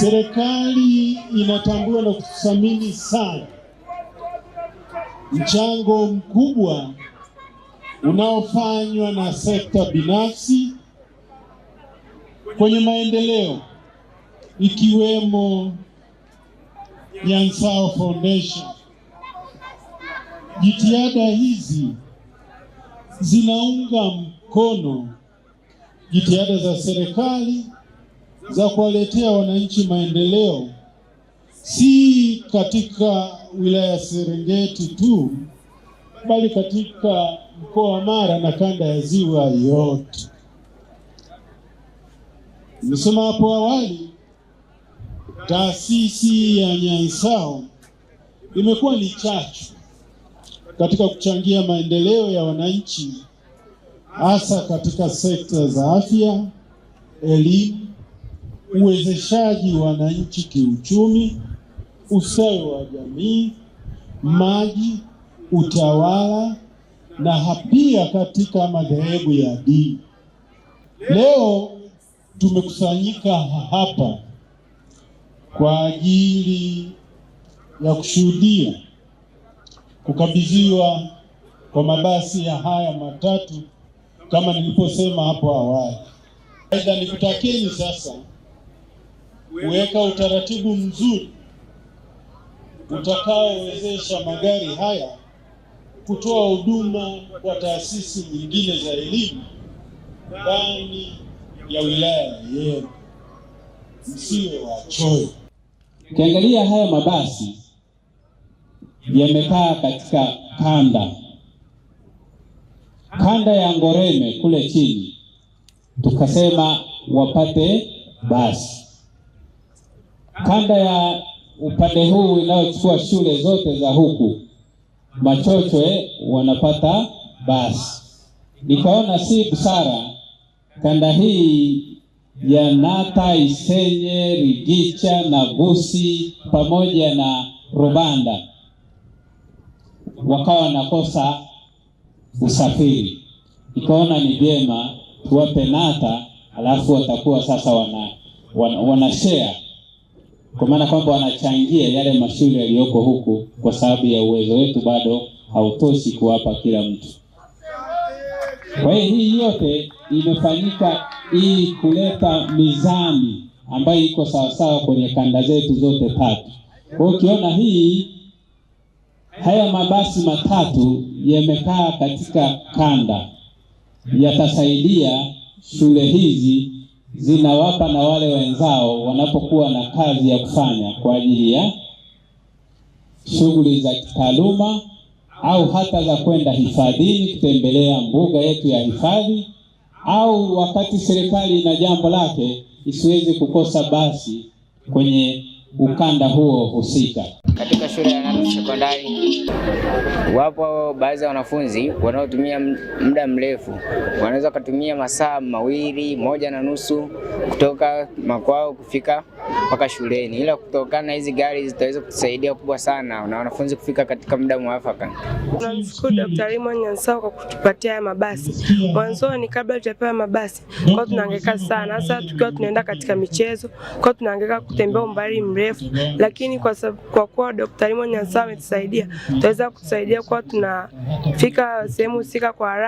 Serikali inatambua na kuthamini sana mchango mkubwa unaofanywa na sekta binafsi kwenye maendeleo ikiwemo Nyansao Foundation. Jitihada hizi zinaunga mkono jitihada za serikali za kuwaletea wananchi maendeleo, si katika wilaya ya Serengeti tu, bali katika mkoa wa Mara na kanda ya Ziwa yote. Nimesema hapo awali, taasisi ya Nyaisao imekuwa ni chachu katika kuchangia maendeleo ya wananchi hasa katika sekta za afya, elimu uwezeshaji wa wananchi kiuchumi, ustawi wa jamii, maji, utawala na pia katika madhehebu ya dini. Leo tumekusanyika hapa kwa ajili ya kushuhudia kukabidhiwa kwa mabasi ya haya matatu kama niliposema hapo awali. Aidha, nikutakieni sasa kuweka utaratibu mzuri utakaowezesha magari haya kutoa huduma kwa taasisi nyingine za elimu ndani ya wilaya yenu, msiwe wachoyo. Ukiangalia haya mabasi yamekaa katika kanda kanda ya Ngoreme kule chini, tukasema wapate basi kanda ya upande huu inayochukua shule zote za huku Machochwe wanapata basi. Nikaona si busara kanda hii ya Nata, Isenye, Rigicha na Gusi pamoja na Rubanda wakawa wanakosa usafiri. Nikaona ni vyema tuwape Nata, alafu watakuwa sasa wana, wana, wana share kwa maana kwamba wanachangia yale mashule yaliyoko huku, kwa sababu ya uwezo wetu bado hautoshi kuwapa kila mtu. Kwa hiyo hii yote imefanyika ili kuleta mizani ambayo iko sawasawa kwenye kanda zetu zote tatu. Kwa hiyo ukiona hii haya mabasi matatu yamekaa katika kanda, yatasaidia shule hizi zinawapa na wale wenzao wanapokuwa na kazi ya kufanya kwa ajili ya shughuli za kitaaluma au hata za kwenda hifadhini kutembelea mbuga yetu ya hifadhi, au wakati serikali ina jambo lake isiwezi kukosa basi kwenye ukanda huo husika shule ya Nanu Sekondari, wapo baadhi ya wanafunzi wanaotumia muda mrefu, wanaweza kutumia masaa mawili moja na nusu kutoka makwao kufika mpaka shuleni, ila kutokana na hizi gari zitaweza kusaidia kubwa sana na wanafunzi kufika katika muda mwafaka. Tunamshukuru Daktari Limon Nyansao kwa kutupatia haya mabasi. Mwanzoni kabla tujapewa mabasi kwa tunahangaika sana, hasa tukiwa tunaenda katika michezo kwa tunahangaika kutembea umbali mrefu, lakini kwa kwa kuwa Daktari mwenye Nyansame ametusaidia, tunaweza kusaidia kuwa tunafika sehemu husika kwa haraka.